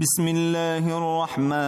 بسم الله الرحمن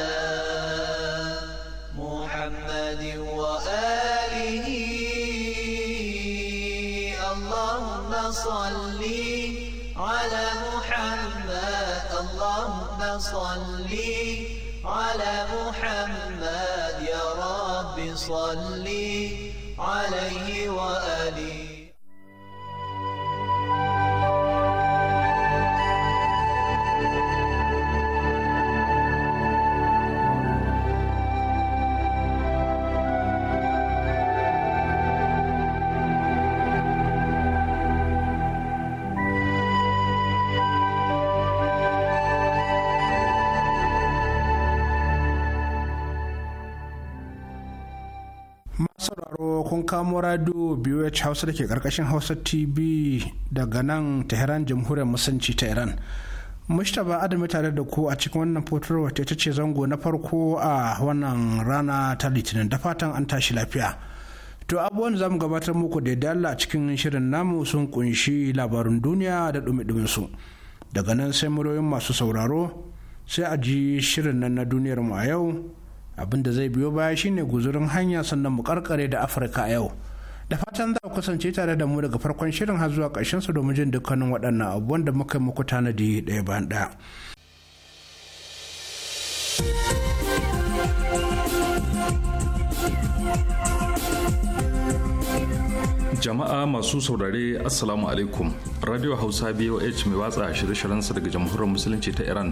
اللهم على محمد يا رب صلِّ kamo radio BOH Hausa da ke karkashin Hausa TV daga nan Tehran jamhuriyar musanci ta Iran. Mustapha Adamu tare da ku a cikin wannan fotarwa ta ita ce zango na farko a wannan rana ta Litinin da fatan an tashi lafiya. To abubuwan za mu gabatar muku da dala a cikin shirin namu sun kunshi labarin duniya da dumi su. Daga nan sai muryoyin masu sauraro sai a ji shirin nan na duniyar mu a yau abin da zai biyo baya shine guzurin hanya sannan mu karkare da afirka a yau da fatan za ku kasance tare da mu daga farkon shirin har zuwa ƙarshen su domin jin dukkanin waɗannan abubuwan da muka yi muku tanadi ɗaya bayan ɗaya jama'a masu saurare assalamu alaikum radio hausa boh mai watsa shirye sa daga jamhuriyar musulunci ta iran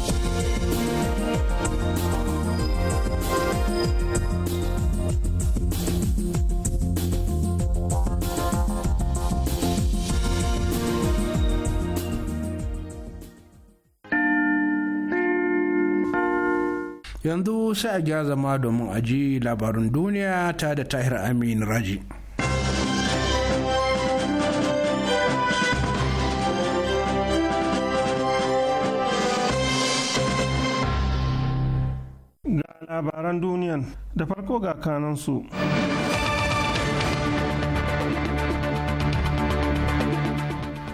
yanzu sai a gya zama domin aji labarin duniya ta da tahir amin raji ga labaran duniyan da farko ga kanansu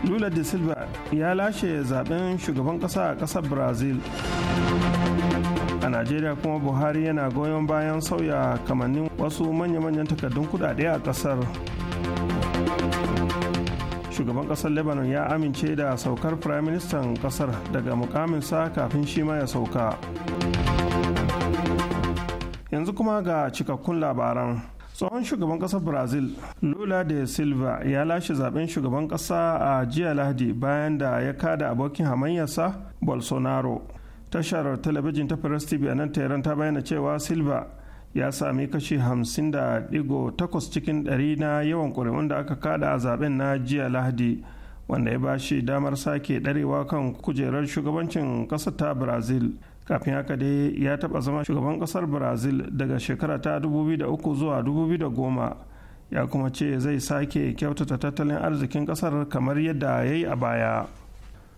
lula da silva ya lashe zaben shugaban kasa a kasar brazil a najeriya kuma buhari yana goyon bayan sauya kamannin wasu manya-manyan takardun kudade a kasar shugaban kasar lebanon ya amince da saukar prime minister kasar daga mukaminsa kafin shi ma ya sauka yanzu kuma ga cikakkun labaran tsohon shugaban kasar brazil lula de silva ya lashe zaben shugaban kasa a jiya lahadi bayan da ya kada abokin hamayyarsa bolsonaro tashar talabijin ta press tv a nan tehran ta bayyana cewa silva ya sami kashi 50.8 cikin ɗari na yawan ƙuri'un da aka kada a zaben na jiya lahadi wanda ya ba shi damar sake ɗarewa kan kujerar shugabancin ƙasar ta brazil kafin haka dai ya taɓa zama shugaban ƙasar brazil daga shekara ta 2003 zuwa 2010 ya kuma ce zai sake kyautata tattalin arzikin ƙasar kamar yadda ya yi a baya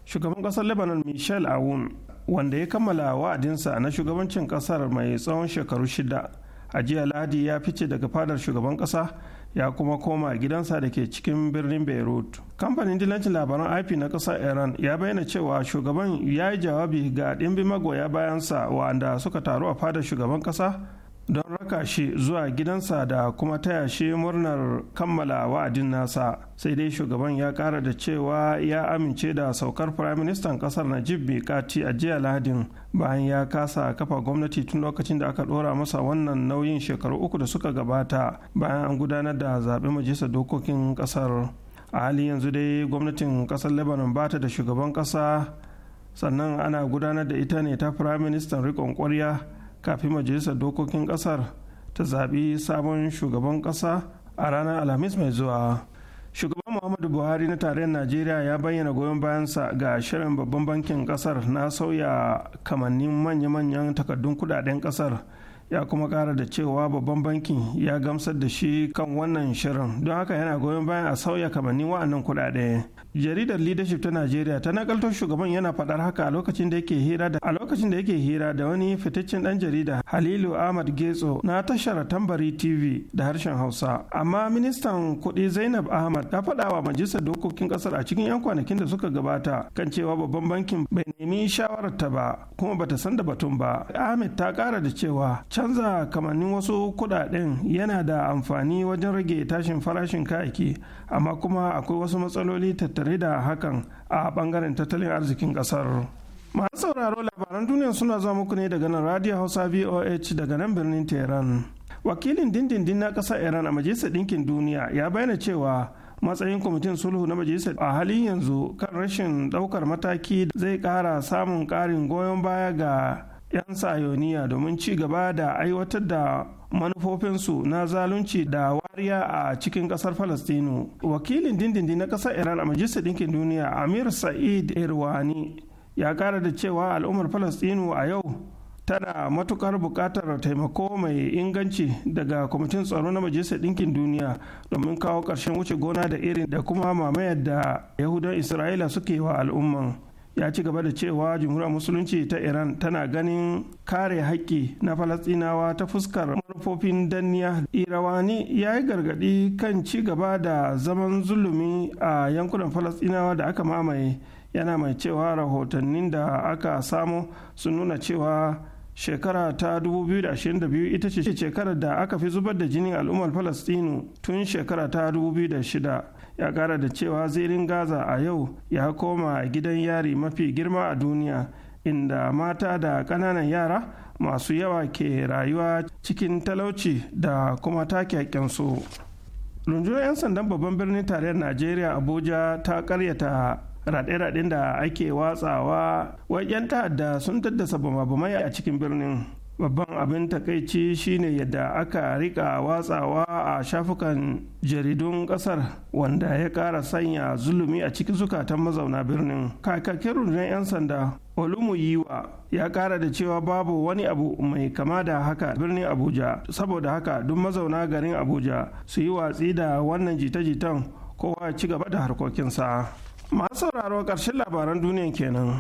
shugaban ƙasar lebanon michel aoun wanda ya kammala wa'adinsa na shugabancin kasar mai tsawon shekaru shida a jiya lahadi ya fice daga fadar shugaban kasa ya kuma koma gidansa da ke cikin birnin beirut kamfanin dilancin labaran ip na kasar iran ya bayyana cewa shugaban ya yi jawabi ga ɗimbin magoya bayansa wa'anda suka taru a fadar shugaban kasa don raka shi zuwa gidansa da kuma taya shi murnar kammala wa'adin nasa sai dai shugaban ya kara da cewa ya amince da saukar firaministan kasar najib mikati a jiya lahadin bayan ya kasa kafa gwamnati tun lokacin da aka dora masa wannan nauyin shekaru uku da suka gabata bayan an gudanar da zaɓe majalisar dokokin kasar a hali yanzu dai gwamnatin kasar lebanon bata da shugaban kasa sannan ana gudanar da ita ne ta firaministan riƙon ƙwarya kafin majalisar dokokin kasar ta zaɓi sabon shugaban ƙasa a ranar alhamis mai zuwa shugaban muhammadu buhari na tarayyar najeriya ya bayyana goyon bayansa ga shirin babban bankin kasar na sauya kamannin manya-manyan takardun kudaden kasar ya kuma kara da cewa babban bankin ya gamsar da shi kan wannan shirin don haka yana goyon bayan a sauya kamanni wa'annan kuɗaɗe jaridar leadership ta najeriya ta nakaltar shugaban yana faɗar haka a lokacin da yake hira da a lokacin da yake hira da wani fitaccen ɗan jarida halilu ahmad getso na tashar tambari tv da harshen hausa amma ministan kuɗi zainab ahmad ta faɗa wa majalisar dokokin ƙasar a cikin 'yan kwanakin da suka gabata kan cewa babban bankin bai nemi shawarar ta ba kuma bata san da batun ba ahmed ta ƙara da cewa canza kamannin wasu kudaden yana da amfani wajen rage tashin farashin kayaki amma kuma akwai wasu matsaloli tattare da hakan a bangaren tattalin arzikin kasar masu sauraro labaran duniya suna zuwa muku ne daga nan radio hausa voh daga nan birnin tehran wakilin dindindin na kasar iran a majalisar ɗinkin duniya ya bayyana cewa matsayin kwamitin sulhu na majalisar a halin yanzu kan rashin ɗaukar mataki zai ƙara samun ƙarin goyon baya ga 'yan sayoniya domin ci gaba da aiwatar da manufofinsu na zalunci da wariya a cikin kasar falastinu wakilin dindindin na kasar iran a majalisar ɗinkin duniya amir sa'id irwani ya kara da cewa al'ummar falastinu a yau tana matukar buƙatar taimako mai inganci daga kwamitin tsaro na majalisar ɗinkin duniya domin kawo ƙarshen wuce gona da irin da kuma mamayar da yahudan isra'ila suke wa al'umman ya ci gaba da cewa jumhuriyar musulunci ta iran tana ganin kare haƙƙi na falastinawa ta fuskar manufofin danniya irawani ya yi gargaɗi kan ci gaba da zaman zulumi a yankunan falastinawa da aka mamaye yana mai cewa rahotannin da aka samu sun nuna cewa shekara ta 2022 ita ce shekarar da aka fi zubar da jinin al'ummar falastinu tun shekara ta 2006 ya kara da cewa zirin gaza a yau ya koma gidan yari mafi girma a duniya inda mata da ƙananan yara masu yawa ke rayuwa cikin talauci da kuma take su. rundunar 'yan sandan babban birnin tarayyar najeriya abuja ta karyata raɗe-raɗen da ake watsawa wa 'yan ta'adda sun daddasa bama-bamai a cikin birnin babban abin takaici shine yadda aka rika watsawa a shafukan jaridun kasar wanda ya kara sanya zulumi a cikin zukatan mazauna birnin kakakin rundunar 'yan sanda olumu Yiwa ya kara da cewa babu wani abu mai kama da haka birnin abuja saboda haka duk mazauna garin abuja su yi watsi da wannan jita-jitan kowa ci gaba da harkokinsa masu sauraro ƙarshen labaran duniya kenan.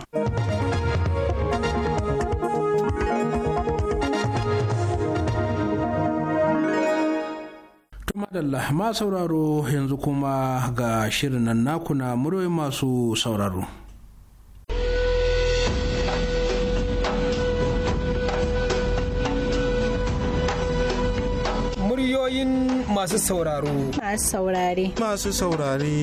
Madalla ma sauraro yanzu kuma ga shirin nan naku na muryoyin masu sauraro. Muryoyin masu sauraro. Masu saurare. Masu saurare.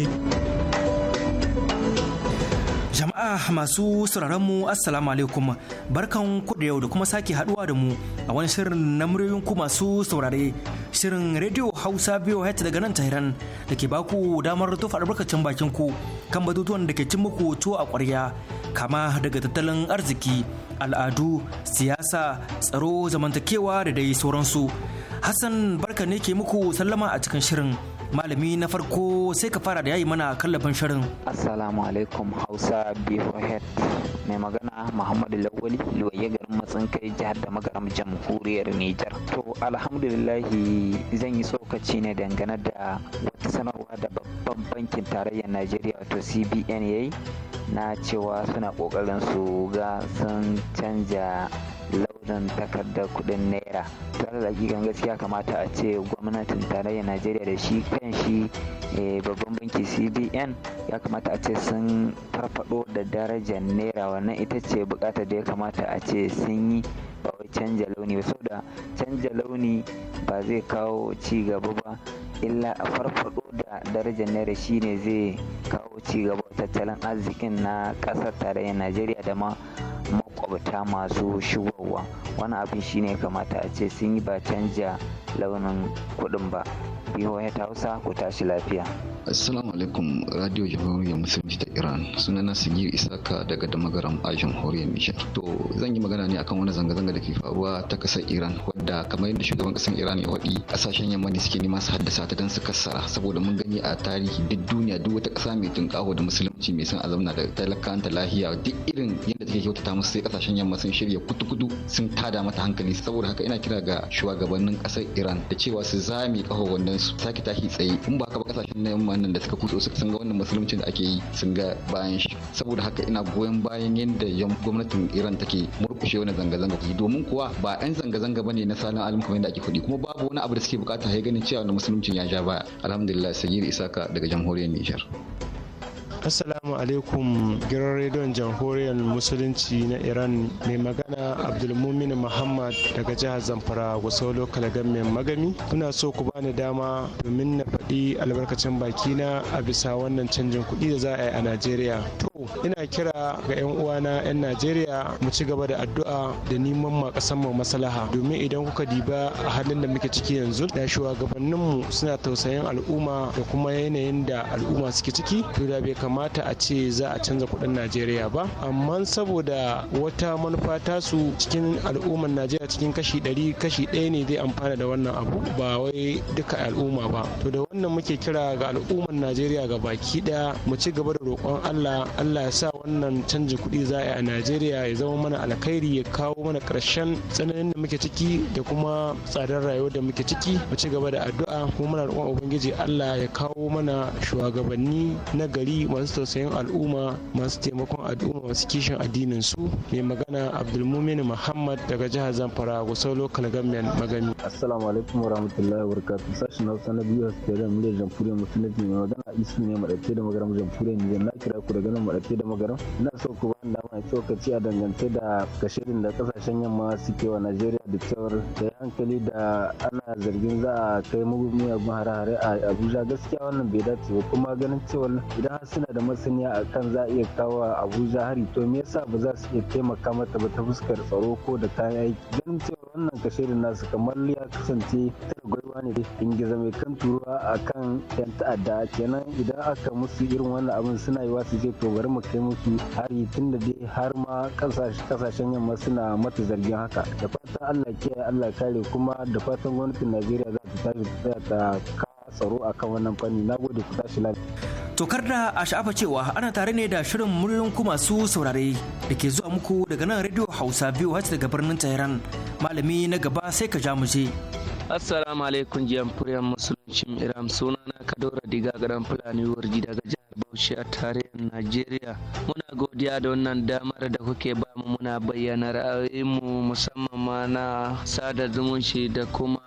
Jama'a masu sauraron mu Assalamu alaikum barkan ku da yau da kuma sake haduwa da mu a wani shirin na muryoyin ku masu saurare shirin Radio Hausa biyo hat daga nan Tehran da ke baku damar tofa albarkacin bakin ku kan batutuwan da ke cin muku tuwo a ƙwarya kama daga tattalin arziki al'adu siyasa tsaro zamantakewa da dai sauransu. Hassan barka ne ke muku sallama a cikin shirin malami na farko sai ka fara da yayi mana kallafin shirin assalamu alaikum hausa beforehand mai magana muhammadu lawali loye garin matsin kai jihar da magaram jamhuriyar nijar to alhamdulillahi zan yi tsokaci ne dangane da wata sanarwa da babban bankin tarayyar najeriya wato cbn yayi na cewa suna kokarin su ga sun canja kan takardar kudin naira tare da hakikan gaskiya kamata a ce gwamnatin tarayyar najeriya da shi kan shi eh, babban banki cbn ya kamata a ce sun farfado da darajar naira wannan ita ce bukata da ya kamata a ce sun yi ba wai canja launi ba da canja launi ba zai kawo ci gaba ba illa a farfado da darajar naira shine zai kawo ci gaba tattalin arzikin na kasar tarayyar najeriya da ma makwabta masu shigowa wani abin shine kamata a ce sun yi ba canja launin kuɗin ba BOA Hausa ku tashi lafiya. Assalamu alaikum Radio Jamhuriyar Musulunci ta Iran. na Sigir Isaka daga Damagaram a Jamhuriyar Nijar. To zan yi magana ne akan wani zanga-zanga da ke faruwa ta kasar Iran wadda kamar yadda shugaban kasar Iran ya waɗi kasashen yamma ne suke nema su haddasa ta don su kasa saboda mun gani a tarihi duk duniya duk wata kasa mai tunkaho da musulunci mai san a zauna da talakan ta lahiya duk irin yadda take kyautata musu sai kasashen yamma sun shirya kutu-kutu sun tada mata hankali saboda haka ina kira ga shugabannin kasar Iran da cewa su zame kaho wannan su sake tashi tsaye in ba ka ba kasashen na yamma nan da suka kutso suka sun ga wannan musuluncin da ake yi sun ga bayan shi saboda haka ina goyon bayan yadda gwamnatin Iran take murkushe wani zanga-zanga domin kuwa ba 'yan zanga-zanga bane na salon alim kamar yadda ake kuɗi kuma babu wani abu da suke bukata ya ganin cewa wannan musuluncin ya ja baya alhamdulillah sayyid isaka daga jamhuriyar Nijar. Assalamu alaikum giran rediyon jamhuriyar musulunci na Iran mai magana Abdulmumin Muhammad daga jihar Zamfara wasu Lokal mai Magami. Kuna so ku bani dama domin na faɗi albarkacin bakina a bisa wannan canjin kuɗi da za a yi a Najeriya. To ina kira ga 'yan uwana 'yan Najeriya mu ci gaba da addu'a da neman ma ƙasar mu maslaha domin idan kuka diba a halin da muke ciki yanzu da shugabanninmu suna tausayin al'umma da kuma yanayin da al'umma suke ciki to da bai kamata a ce za a canza kuɗin najeriya ba amma saboda wata manufa tasu cikin al'ummar najeriya cikin kashi ɗari kashi ɗaya ne zai amfana da wannan abu ba wai duka al'umma ba to da wannan muke kira ga al'ummar najeriya ga baki ɗaya mu ci gaba da roƙon allah allah ya sa wannan canji kuɗi za a yi a najeriya ya zama mana alkhairi ya kawo mana ƙarshen tsananin da muke ciki da kuma tsadar rayuwar da muke ciki mu ci gaba da addu'a kuma muna roƙon ubangiji allah ya kawo mana shugabanni na gari masu tausayin al'umma masu taimakon al'umma masu kishin addinin su mai magana abdulmumin muhammad daga jihar zamfara gusau local government magani assalamu alaikum rahmatullahi wa sashen sashi na biyu haske da muryar musulunci mai magana isu ne maɗafe da magaram jamhuriyar nijar na kira ku da nan maɗafe da magaram na so ku ba dama tsokaci a dangance da kashirin da kasashen yamma suke wa najeriya da cewar da ya hankali da ana zargin za a kai mugun hare-hare a abuja gaskiya wannan bai dace ba kuma ganin cewa idan suna suna da masaniya akan za a iya kawo abuja hari to me yasa ba za su iya taimaka mata ba ta fuskar tsaro ko da kayan aiki don cewa wannan kashe da nasu kamar ya kasance ta gwaiwa ne ingiza mai kan turuwa a kan yan ta'adda kenan idan aka musu irin wannan abin suna yi wasu je to bari mu kai musu hari tun da dai har ma kasashen yamma suna mata zargin haka da fatan allah kiyaye allah kare kuma da fatan gwamnatin najeriya za ta tashi ta tsaro kan wannan fanni na gode ku tashi lafiya Tokar da a sha'afa cewa ana tare ne da shirin muryoyin ku masu saurare da ke zuwa muku daga nan rediyo Hausa biyu hajji daga birnin Tehran. Malami na gaba sai ka ja mu je. Assalamu alaikum musulunci musuluncin Iran sunana Kadora Diga garan Fulani Warji daga jihar Bauchi a tarayyar Najeriya. Muna godiya da wannan damar da kuke ba mu muna bayyana ra'ayoyinmu musamman ma na sada zumunci da kuma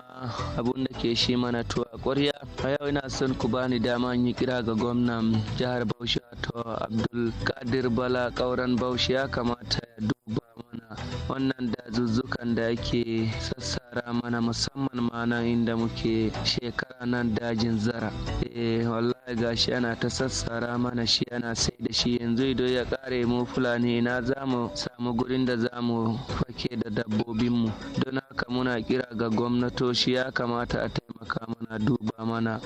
abun da ke shi mana tuwa kwarya a yau ina son ku bani dama yi kira ga gwamnan jihar Bauchi to Abdul Kadir Bala kauran Bauchi ya kamata ya duba mana wannan dazuzzukan da yake sassara mana musamman ma nan inda muke shekara nan dajin zara eh wallahi gashi ana ta sassara mana shi ana sai da shi yanzu ido ya kare mu fulani na zamu samu gurin da zamu fake da dabbobinmu don haka muna kira ga gwamnatoci ya kamata a taimaka mana duba mana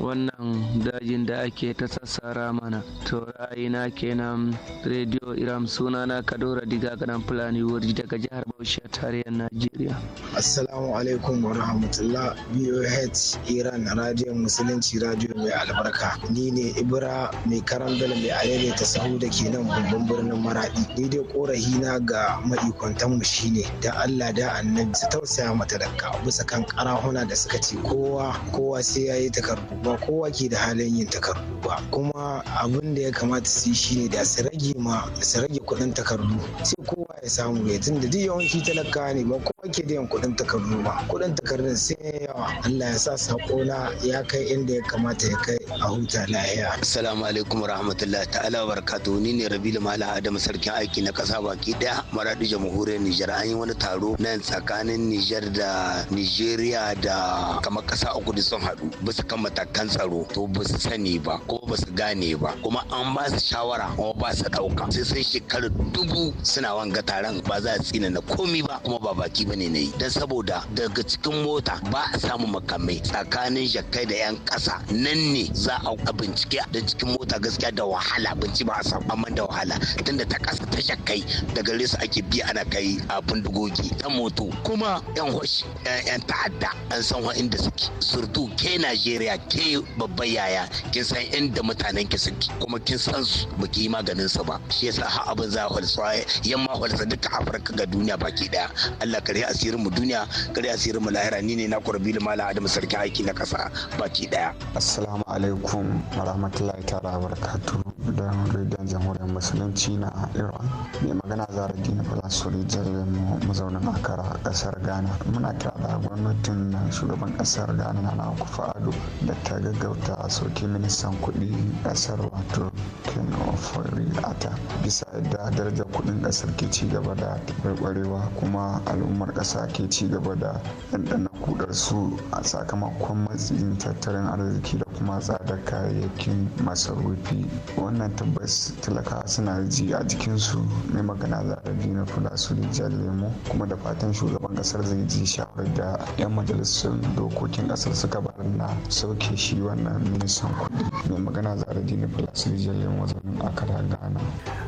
wannan dajin da ake ta sassara mana to ra'ayina kenan rediyo iram sunana kadora diga gadan fulani wuri daga jihar bauchi tarayyar najeriya assalamu alaikum wa rahmatullah boh iran radiyon musulunci radiyo mai albarka ni ne ibra mai karambal mai alele ta sahu da ke nan babban birnin maradi ni dai korahi na ga ma'ikwantan mu shine da allah da annabi su tausaya mata daga bisa kan karahuna da suka ce kowa kowa sai ya yi takardu ba kowa ke da halin yin takardu ba kuma abin da ya kamata su yi shine da su rage ma su rage kuɗin takardu sai kowa ya samu ya tunda duk yawanci talaka ne ba kowa ke da yin kuɗin takardu ba kuɗin takardun sai yawa Allah ya sa sakona ya kai inda ya kamata ya kai a huta lahiya assalamu alaikum rahmatullahi ta'ala barakatuhu ni ne Rabilu Mala Adam sarkin aiki na kasa baki daya Maradu jamhuriyar Nijar an yi wani taro nan tsakanin Nijar da Nijeriya da kuma ƙasa a kudu sun haɗu bisa kan matakan tsaro to ba su sani ba ko ba su gane ba kuma an ba su shawara kuma ba su ɗauka sai sai shekarar dubu suna wanga taron ba za a tsina na komi ba kuma ba baki ba ne na yi don saboda daga cikin mota ba a samu makamai tsakanin jakai da 'yan kasa nan ne za a bincike da cikin mota gaskiya da wahala binci ba a samu amma da wahala tunda ta kasa ta jakai daga gare ake biya ana kai a bindigogi ta moto kuma 'yan hoshi 'yan ta'adda an san wa inda surtu ke Najeriya ke babban yaya kin san inda mutanen ki suke kuma kin san su baki maganin su ba shi yasa har abin za hulsa yamma halsa duka Afirka ga duniya baki daya Allah kare asirin mu duniya kare asirin mu lahira ni ne na Kurbil Malam Adam sarki aiki na kasa baki daya assalamu alaikum warahmatullahi ta'ala barakatuh da rediyon jamhuriyar musulunci na Iran mai magana zara dina falasuri jirgin mu mazaunin akara kasar Ghana muna kira da gwamnatin shugaban kasa kasar ghana na kufa ado da ta gaggauta a soke ministan kuɗi kasar wato ken ata bisa yadda darajar kuɗin kasar ke ci gaba da tabarbarewa kuma al'ummar ƙasa ke ci gaba da ɗanɗana kudar su a sakamakon matsin tattalin arziki da kuma tsada kayayyakin masarufi wannan tabbas talaka suna ji a jikinsu mai magana zarafi na kula su da lemo kuma da fatan shugaban kasar zai ji shawarar da 'yan majalisun dokoki dokokin kasar suka bar na sauke shi wannan ministan kudi mai magana zara dini falasir jalin wazanin akara ghana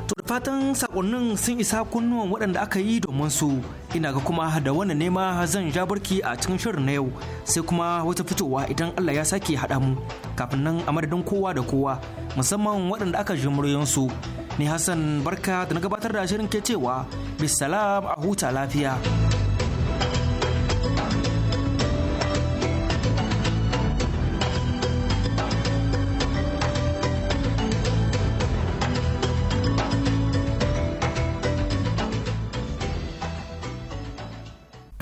to da fatan sakonnin sun isa kunnuwan waɗanda aka yi domin su ina ga kuma da wannan nema zan ja barki a cikin shirin na yau sai kuma wata fitowa idan allah ya sake haɗa mu kafin nan a madadin kowa da kowa musamman waɗanda aka ji muryansu ni hassan barka da na gabatar da shirin ke cewa bisalam a huta lafiya.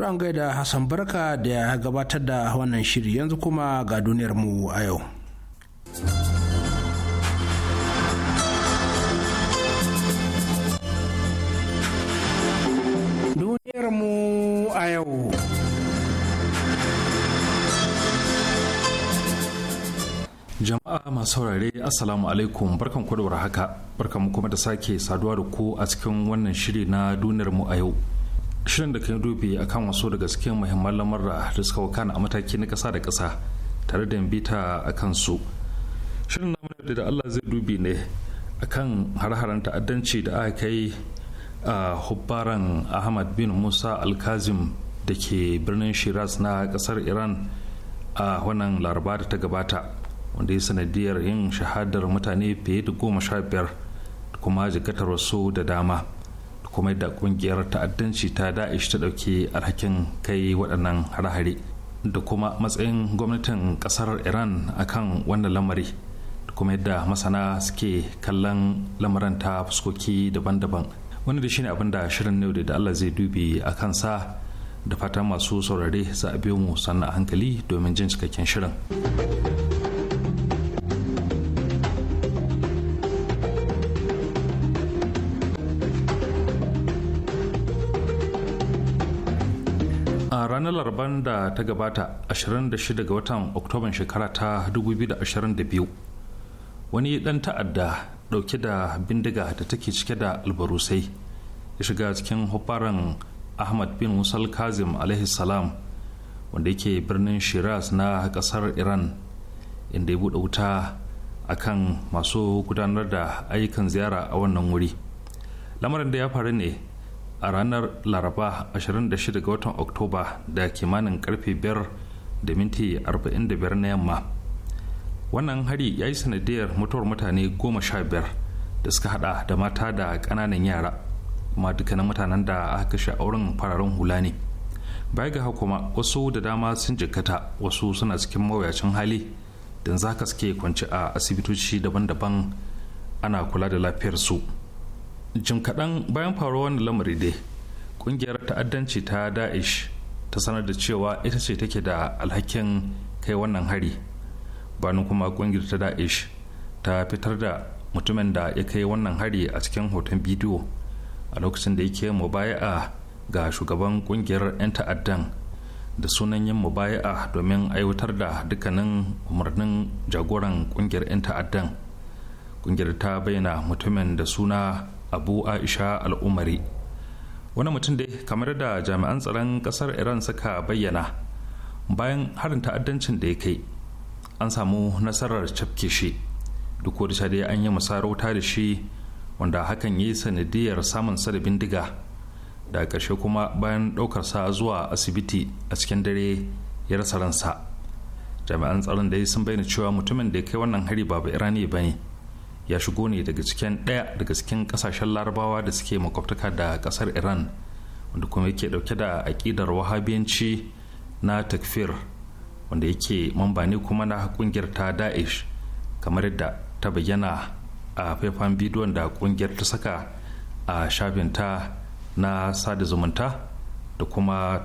To an gaida Hassan Barka da ya gabatar da wannan shiri yanzu kuma ga duniyarmu mu a yau. Jama'a masu saurare Assalamu alaikum barkan ku haka barkan kuma da sake saduwa da ku a cikin wannan shiri na duniyarmu mu a yau. shirin da kan dubi a kan wasu daga cikin muhimman lamarra da suka wakana a mataki na kasa da kasa tare da bita a kansu shirin namu da allah zai dubi ne a kan har-haren ta'addanci da aka kai a hubbaran ahmad bin musa alkazim da ke birnin shiraz na ƙasar iran a wannan laraba da ta gabata wanda ya sanadiyar yin shahadar mutane fiye da goma sha biyar kuma jikatar wasu da dama kuma da kungiyar ta'addanci ta da'ish ta ɗauki alhakin kai waɗannan harhari da kuma matsayin gwamnatin ƙasar iran akan wannan lamari da kuma yadda masana suke kallon lamarin ta fuskoki daban-daban wani da shine abin da shirin ne da allah zai dubi a kansa da fatan masu saurare za a biyo mu sannan a hankali domin jin cikakken shirin da ta gabata 26 ga watan oktoban shekara ta 2022 wani dan ta'adda dauke da bindiga da take cike da albarusai ya shiga cikin hubbaran ahmad bin musal kazim salam wanda yake birnin shiraz na kasar iran inda ya buɗe wuta a kan masu gudanar da ayyukan ziyara a wannan wuri lamarin da ya faru ne a ranar laraba 26 ga watan oktoba da kimanin karfe 5 da minti 45 na yamma wannan hari ya yi sanadiyar mutuwar mutane 15 da suka hada da mata da kananan yara kuma dukkanin mutanen da aka kashe wurin fararen hula ne baya ga kuma wasu da dama sun jikkata wasu suna cikin mawuyacin hali don zaka suke kwanci a asibitoci daban-daban ana kula da lafiyarsu su jim kaɗan bayan faruwar wannan lamari dai ƙungiyar ta'addanci ta da'ish ta sanar da cewa ita ce take da alhakin kai wannan hari bayan kuma ƙungiyar ta da'ish ta fitar da mutumin da ya kai wannan hari a cikin hoton bidiyo a lokacin da yake mubaya'a ga shugaban ƙungiyar 'yan ta'addan da sunan yin mubaya'a domin aiwatar da dukkanin umarnin jagoran ƙungiyar 'yan ta'addan ƙungiyar ta bayyana mutumin da suna abu aisha al'umari wani mutum da kamar da jami'an tsaron kasar iran suka bayyana bayan harin ta'addancin da ya kai an samu nasarar cafke shi duk da dai an yi musarauta da shi wanda hakan ya yi sanadiyar samun sa da bindiga da ƙarshe kuma bayan ɗaukar sa zuwa asibiti a cikin dare ya rasa ransa jami'an tsaron da sun bayyana cewa mutumin da ya kai wannan hari ba irani ba ne ya shigo ne daga cikin ɗaya daga cikin ƙasashen larabawa da suke makwabtaka da ƙasar iran wanda kuma yake ɗauke da aƙidar wahabiyanci na takfir wanda yake mamba ne kuma na ƙungiyar ta da'ish kamar yadda ta bayyana a faifan bidiyon da ƙungiyar ta saka a shafinta na sada zumunta da kuma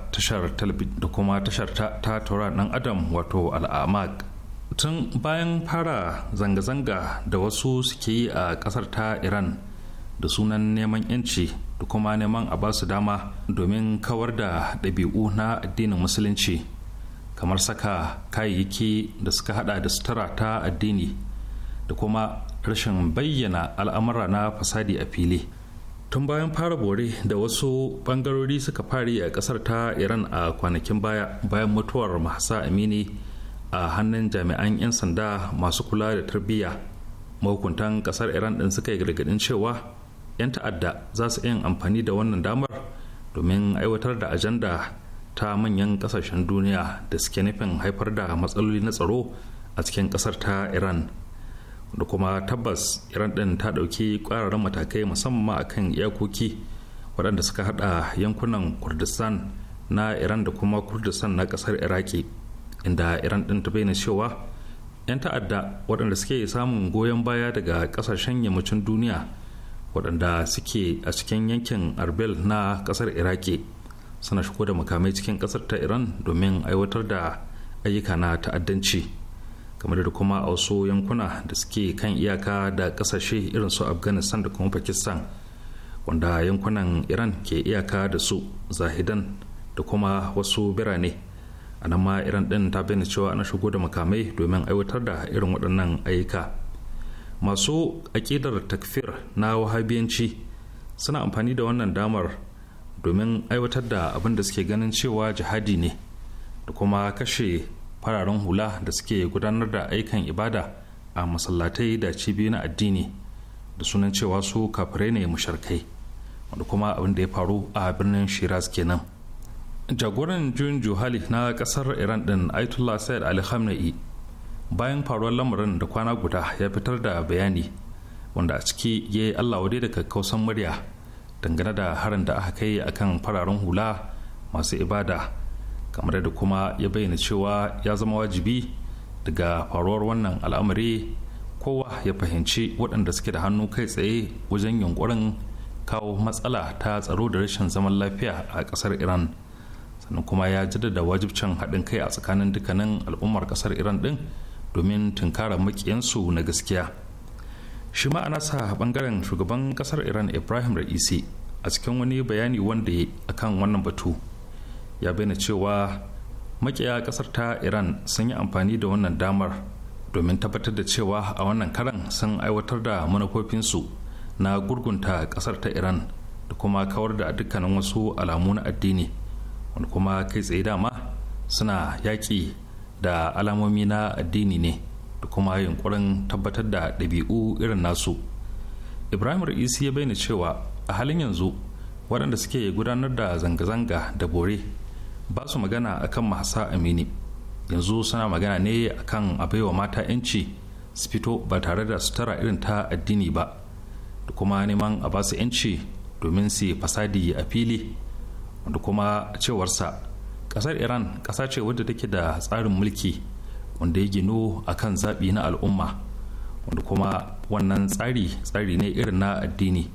tashar ta tauran ɗan adam wato al'amak tun bayan fara zanga-zanga da wasu suke yi a kasar ta iran da sunan neman yanci da kuma neman a ba su dama domin kawar da ɗabi'u na addinin musulunci kamar saka kayayyaki da suka hada da sutura ta addini da kuma rashin bayyana al'amura na fasadi a fili tun bayan fara bore da wasu bangarori suka fari a kasar ta iran a kwanakin baya bayan mutuwar mahasa amini a hannun jami'an 'yan sanda masu kula da tarbiyya mahukuntan kasar iran din suka yi gargadin cewa 'yan ta'adda za su yin amfani da wannan damar domin aiwatar da ajanda ta manyan kasashen duniya da suke nufin haifar da matsaloli na tsaro a cikin kasar ta iran da kuma tabbas iran din ta ɗauki kwararren matakai musamman akan iyakoki waɗanda suka haɗa yankunan kurdistan na iran da kuma kurdistan na ƙasar iraki inda iran ɗin ta bayyana cewa 'yan ta'adda waɗanda suke samun goyon baya daga ƙasashen yammacin duniya waɗanda suke a cikin yankin arbel na ƙasar iraki suna shigo da makamai cikin ƙasar ta iran domin aiwatar da ayyuka na ta'addanci kamar da kuma a wasu yankuna da suke kan iyaka da ƙasashe irin su afghanistan da kuma pakistan wanda yankunan iran ke iyaka da su zahidan da kuma wasu birane a nan ma irin din ta bayyana cewa ana shigo da makamai domin aiwatar da irin waɗannan ayyuka masu aƙidar takfir na wahabiyanci suna amfani da wannan damar domin aiwatar da abin da suke ganin cewa jihadi ne da kuma kashe fararen hula da suke gudanar da ayyukan ibada a masallatai da cibiyoyi na addini da sunan cewa su kafirai ne musharkai wanda kuma abin da ya faru a birnin shiraz kenan jagoran juyin juhali na kasar iran din aitullah said ali khamenei bayan faruwar lamarin da kwana guda ya fitar da bayani wanda a ciki ya yi allah wadai da kakkausan murya dangane da harin da aka kai a kan fararen hula masu ibada kamar da kuma ya bayyana cewa ya zama wajibi daga faruwar wannan al'amari kowa ya fahimci waɗanda suke da hannu kai tsaye wajen yunkurin kawo matsala ta tsaro da rashin zaman lafiya a ƙasar iran sannan kuma ya jaddada wajibcin haɗin kai a tsakanin dukkanin al'ummar ƙasar iran ɗin domin tunkara makiyansu na gaskiya shi ma ana sa bangaren shugaban ƙasar iran ibrahim ra'isi a cikin wani bayani wanda ya akan wannan batu ya bayyana cewa maƙiya ƙasar ta iran sun yi amfani da wannan damar domin tabbatar da cewa a wannan karan sun aiwatar da manufofinsu na gurgunta ƙasar ta iran da kuma kawar da dukkanin wasu alamu na addini wanda kuma kai tsaye dama suna yaƙi da alamomi na addini ne da kuma yunkurin tabbatar da ɗabi'u irin nasu ibrahim isi ya bayyana cewa a halin yanzu waɗanda suke gudanar da zanga-zanga da bore ba su magana akan mahasa amini yanzu suna magana ne akan a baiwa mata 'yanci su fito ba tare da sutara irin ta addini ba da kuma neman a ba su 'yanci domin su fasadi a fili wanda kuma cewarsa kasar iran kasa ce wadda take da tsarin mulki wanda ya gino a kan zaɓi na al'umma wanda kuma wannan tsari tsari ne irin na addini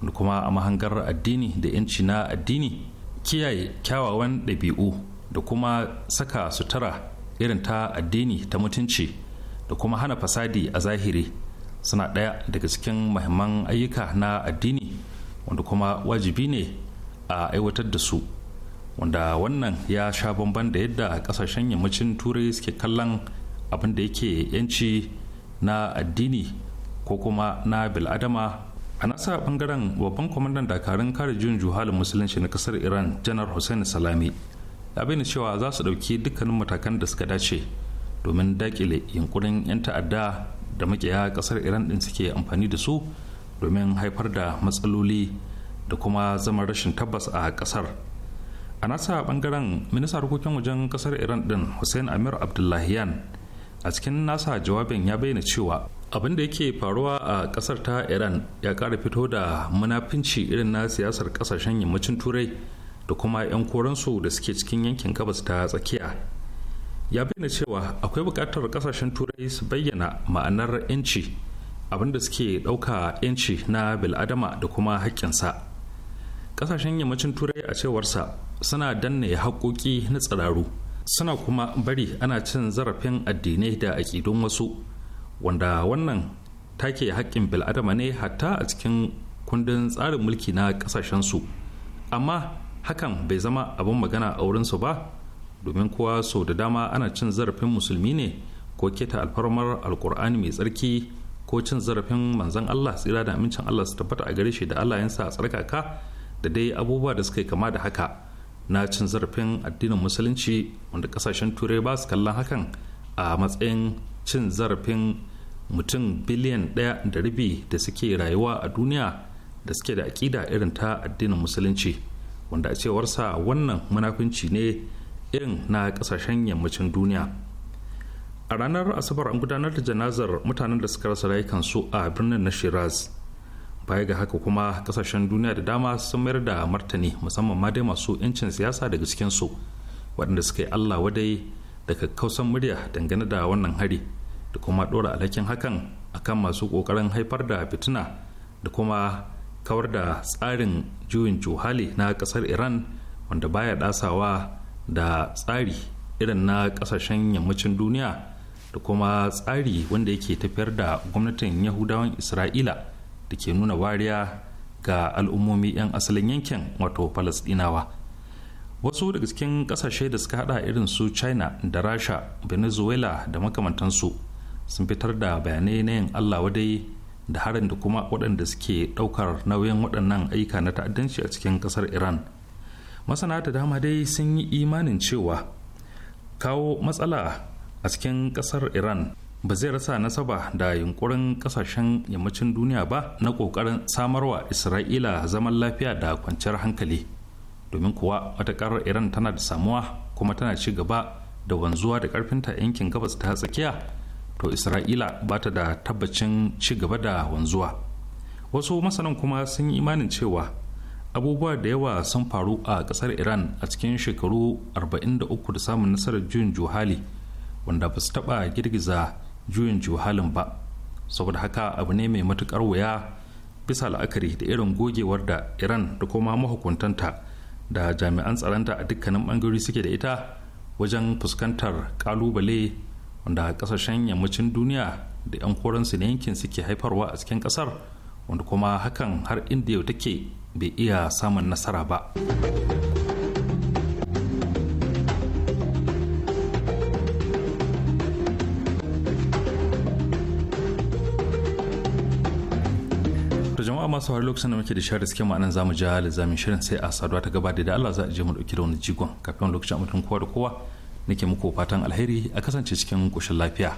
wanda kuma a mahangar addini da yanci na addini kiyaye kyawawan ɗabi'u da kuma saka sutura irin ta addini ta mutunci da kuma hana fasadi a zahiri suna ɗaya daga cikin mahimman ayyuka na addini wanda kuma wajibi ne a aiwatar da su wanda wannan ya sha bamban da yadda kasashen yammacin turai suke kallon abin da yake yanci na addini ko kuma na biladama a nasa bangaren babban kwamandan dakarun kare juyin juhalin musulunci na kasar iran janar hussein salami abin cewa za su ɗauki dukkanin matakan da suka dace domin dakile yankunan 'yan ta'adda da makiya kasar iran din suke amfani da su domin haifar da matsaloli da kuma zama rashin tabbas a kasar a nasa bangaren minista harkokin wajen kasar iran din hussein amir abdullahiyan a cikin nasa jawabin ya bayyana cewa abin da yake faruwa a kasar ta iran ya kara fito da munafinci irin na siyasar kasashen yammacin turai da kuma 'yan koransu da suke cikin yankin gabas ta tsakiya ya bayyana cewa akwai buƙatar kasashen turai su bayyana ma'anar 'yanci abinda suke ɗauka 'yanci na bil'adama da kuma haƙƙinsa kasashen yammacin turai a cewarsa suna danne haƙoƙi na tsiraru suna kuma bari ana cin zarafin addinai da aƙidun wasu wanda wannan take haƙƙin bil'adama ne hatta a cikin kundin tsarin mulki na su amma hakan bai zama abin magana a wurinsu ba domin kuwa sau da dama ana cin zarafin musulmi ne ko keta alfarmar alkur'ani mai tsarki ko cin zarafin manzon allah tsira da amincin allah su tabbata a gare shi da allah yansa a tsarkaka da dai abubuwa da suka kama da haka na cin zarafin addinin musulunci wanda kasashen turai ba su kallon hakan a matsayin cin zarafin mutum biliyan ɗaya da rabi da suke rayuwa a duniya da suke da aƙida irin ta addinin musulunci wanda a cewarsa wannan munafunci ne irin na kasashen yammacin duniya a ranar asabar an gudanar da janazar mutanen da suka rasa rayukansu a birnin na shiraz baya ga haka kuma kasashen duniya da dama sun mayar da martani musamman ma dai masu 'yancin siyasa daga su waɗanda suka yi allah wadai da kakkausan murya dangane da wannan hari da kuma ɗora alhakin hakan akan masu ƙoƙarin haifar da fitina da kuma kawar da tsarin juyin juhali na ƙasar iran wanda baya ɗasawa da tsari irin na ƙasashen yammacin duniya da kuma tsari wanda yake tafiyar da gwamnatin yahudawan isra'ila da ke nuna wariya ga al'ummomi 'yan asalin yankin wato falasdinawa wasu daga cikin kasashe da suka hada irin su china da rasha venezuela da makamantansu sun fitar da bayanai na yin allah wadai da harin da kuma waɗanda suke ɗaukar nauyin waɗannan aika na ta'addanci a cikin ƙasar iran masana ta dama dai sun yi imanin cewa kawo matsala a cikin ƙasar iran ba zai rasa nasaba da yunkurin kasashen yammacin duniya ba na kokarin samarwa isra'ila zaman lafiya da kwanciyar hankali domin kuwa matakar iran tana da samuwa kuma tana ci gaba da wanzuwa da karfinta yankin gabas ta tsakiya to isra'ila ba ta da tabbacin ci gaba da wanzuwa wasu masanan kuma sun yi imanin cewa abubuwa da yawa sun faru a kasar iran a cikin shekaru 43 da samun nasarar juyin juhali wanda ba su taba girgiza juyin juhalin ba saboda haka abu ne mai matukar wuya bisa la'akari da irin gogewar da iran da kuma mahukuntanta da jami'an tsaronta a dukkanin bangare suke da ita wajen fuskantar kalubale wanda kasashen yammacin duniya da 'yan koransu na yankin suke haifarwa a cikin kasar wanda kuma hakan har inda yau take bai iya samun nasara ba. saurari lokacin da muke da shirin suke ma'anan zamu ja lizamin shirin sai a saduwa ta gaba da Allah za a je mu dauki da wani jigon kafin lokacin mutum kowa da kowa nake muku fatan alheri a kasance cikin koshin lafiya.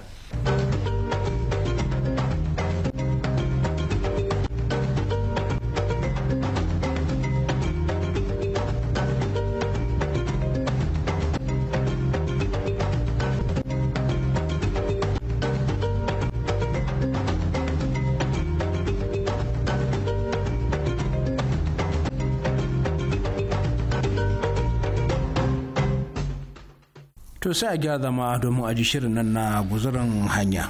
sai a gyara zama domin aji shirin nan na guzurin hanya.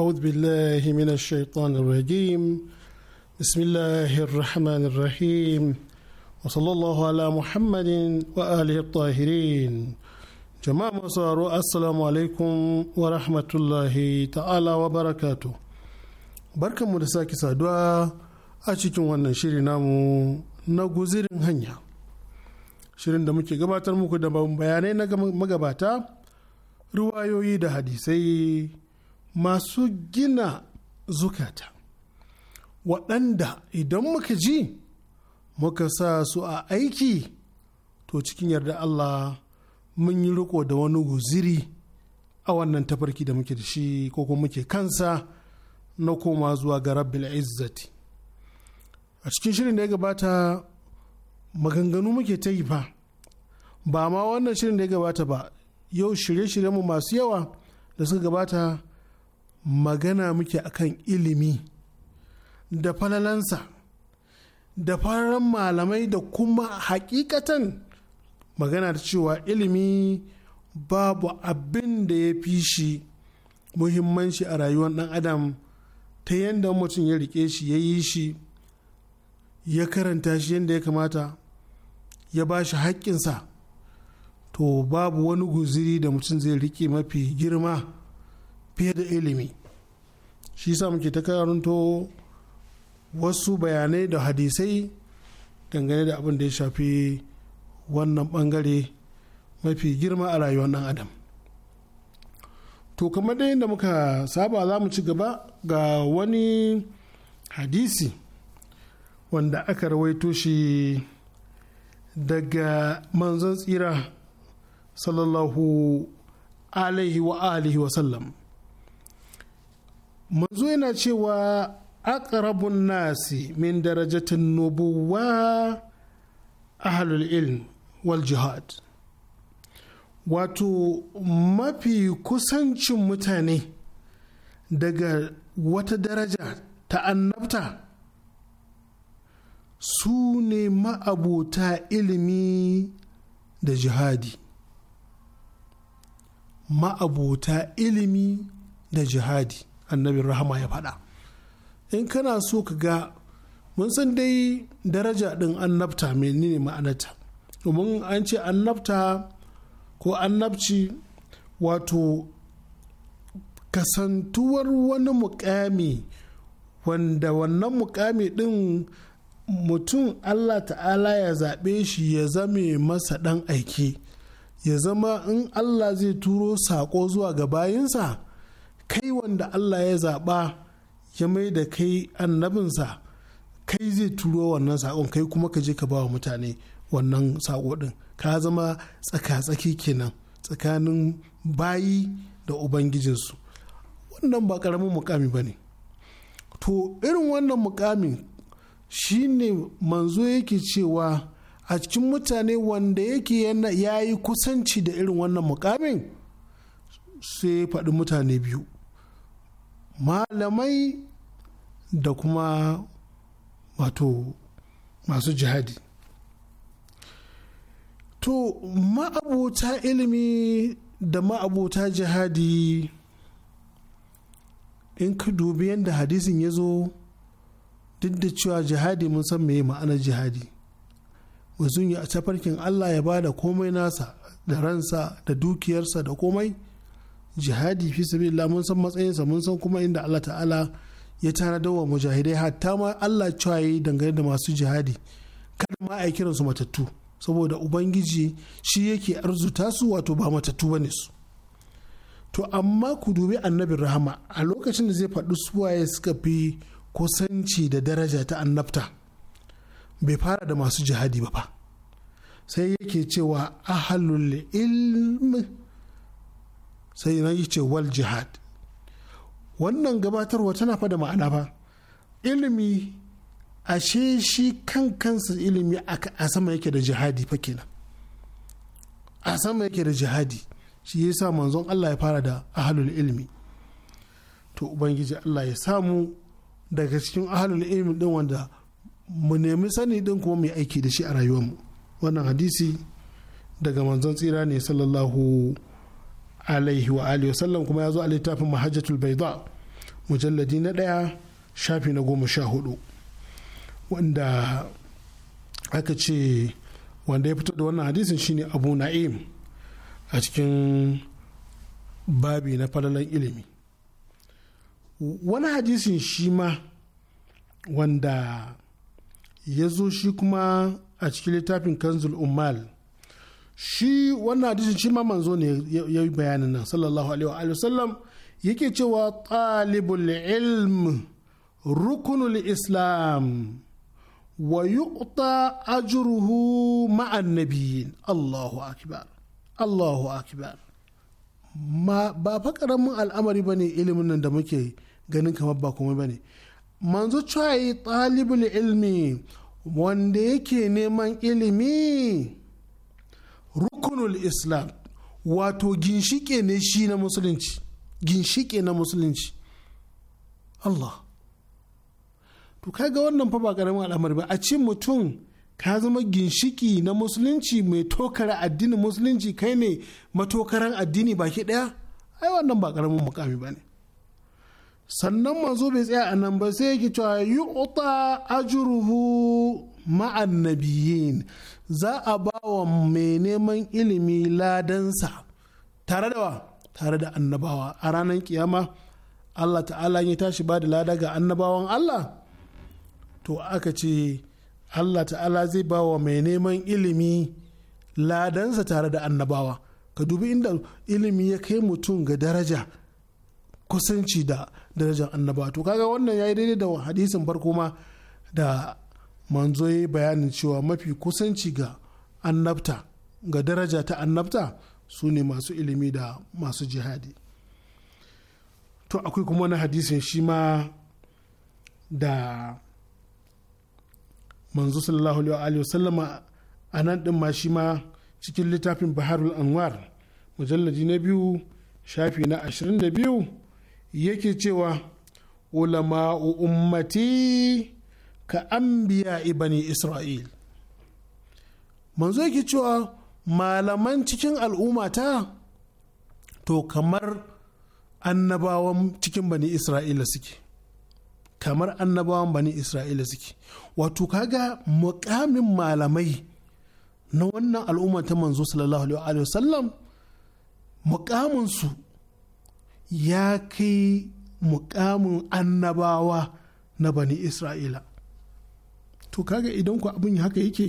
أعوذ بالله من الشيطان الرجيم بسم الله الرحمن الرحيم وصلى الله على محمد وآله الطاهرين jama'a masu sauraro assalamu alaikum wa rahmatullahi ta'ala wa barakatu barkanmu da sake saduwa a cikin wannan shiri namu na guzirin hanya shirin da muke gabatar muku da bayanai na magabata ruwayoyi da hadisai masu gina zukata waɗanda idan muka ji muka sa su a aiki to cikin yarda Allah mun yi riko da wani guziri a wannan tafarki da muke da shi ko kuma muke kansa na koma zuwa ga rabbil izzati a cikin shirin da ya gabata maganganu muke ta yi fa ba ma wannan shirin da ya gabata ba yau shirye-shirye mu masu yawa da suka gabata magana muke akan ilimi da falalansa da fararen malamai da kuma hakikatan magana da cewa ilimi babu abin da ya fi shi muhimmanci a rayuwar ɗan adam ta yadda mutum ya rike shi ya yi shi ya karanta shi yadda ya kamata ya ba shi haƙƙinsa to babu wani guziri da mutum zai rike mafi girma fiye da ilimi shi sa muke ta karanto wasu bayanai da hadisai dangane da abin da ya shafi wannan bangare mafi girma a rayuwar ɗan adam to kamar dai da muka saba za mu ci gaba ga wani hadisi wanda aka rawaito shi daga manzon tsira sallallahu alaihi wa alihi wa sallam manzo yana cewa aqrabun nasi min darajatin nubuwa ahlul ilm wal jihad wato mafi kusancin mutane daga wata daraja ta annabta su ne ma'abota ilimi da jihadi ma'abota ilimi da jihadi annabin rahama ya faɗa in kana so ka ga mun san dai daraja ɗin annabta menene ma'anata domin an ce annabta ko annabci wato kasantuwar wani mukami wanda wannan mukami din mutum allah ta'ala ya zaɓe shi ya zame masa ɗan aiki ya zama in allah zai turo saƙo zuwa ga bayinsa kai wanda allah ya zaɓa ya mai da kai annabinsa kai zai turo wannan saƙon kai kuma ka je ka ba wa mutane wannan sako din ka zama tsaka-tsaki kenan tsakanin bayi da ubangijinsu wannan ba karamin mukami ba ne to irin wannan mukamin ne manzo yake cewa a cikin mutane wanda yake ya yi kusanci da irin wannan mukamin sai faɗi mutane biyu malamai da kuma wato masu jihadi to ma'abuta ilimi da ma'abuta jihadi in ka dubi yadda hadisin ya zo duk da cewa jihadi mun san meye ma'anar jihadi mutum ya tafarkin Allah ya ba da komai nasa da ransa da dukiyarsa da komai jihadi fi da mun san matsayinsa mun san kuma inda Allah ta'ala ya tanadar wa mujahidai hatta ma Allah cewa dangane da masu jihadi kada ma a yi kiransu matattu saboda ubangiji shi yake arzuta su wato ba matattu bane su to amma ku dubi annabin rahama a lokacin da zai faɗi suwaye suka fi kusanci da daraja ta annabta bai fara da masu jihadi ba fa sai yake cewa ahalul ilm sai na yi ce wal jihad wannan gabatarwa tana fada ma'ana ba ilimi ashe shi kan kansa ilimi a sama yake da jihadi fa kenan a sama yake da jihadi shi ya sa manzon Allah ya fara da ahalul ilimi to ubangiji Allah ya samu daga cikin ahalul ilmi din wanda mu nemi sani din kuma mu aiki da shi a mu. wannan hadisi daga manzon tsira ne sallallahu alaihi wa alihi wasallam kuma ya zo a littafin mahajjatul baida mujalladi na daya shafi na goma sha hudu wanda aka ce wanda ya fito da wannan hadisin shine abu na'im a cikin babi na falalan ilimi wani hadisin shi ma wanda ya zo shi kuma a cikin littafin kanzul ummal shi wannan hadisin shi ma manzo ne ya yi bayanin nan sallallahu alaihi wa sallam yake cewa talibul ilm rukunul islam wa yu'ta ajruhu ma'an Allahu akbar Allahu akbar ma ba fa karamin al'amari ne ilimin da muke ganin kamar ba komai bane manzo cewa talibul ilmi wanda yake neman ilimi rukunul islam wato ginshike ne shi na musulunci ginshike na musulunci Allah to ga wannan fa ba karamin al'amari ba a ce mutum ka zama ginshiki na musulunci mai tokara addinin musulunci kai ne matokaran addini baki daya ai wannan ba karamin mukami ba ne sannan manzo bai tsaya a nan ba sai yake cewa yi ajruhu ma'an nabiyyin za a ba wa mai neman ilimi ladansa tare da wa tare da annabawa a ranar kiyama Allah ta'ala ya tashi ba da lada ga annabawan Allah to aka ce allah ta'ala zai ba wa mai neman ilimi ladansa tare da annabawa ka dubi inda ilimi ya kai mutum ga daraja kusanci da darajar annabawa to kaga wannan ya yi daidai da hadisin farko ma da manzo ya bayanin cewa mafi kusanci ga annabta ga daraja ta annabta su ne masu ilimi da masu jihadi to akwai kuma wani hadisin shi ma da manzo sallallahu alaihi sallama a nan din ma shi ma cikin littafin baharul anwar mujalladi na biyu shafi na 22 yake cewa ulama ummati ka anbiya ibani isra'il manzo yake cewa malaman cikin al'ummata to kamar annabawan cikin bani isra'ila suke kamar annabawan bani isra'ila suke wato kaga mukamin malamai na wannan al'umma ta manzo sallallahu alaihi wasallam mukaminsu ya kai mukamin annabawa na bani isra'ila to kaga idan ku abin haka yake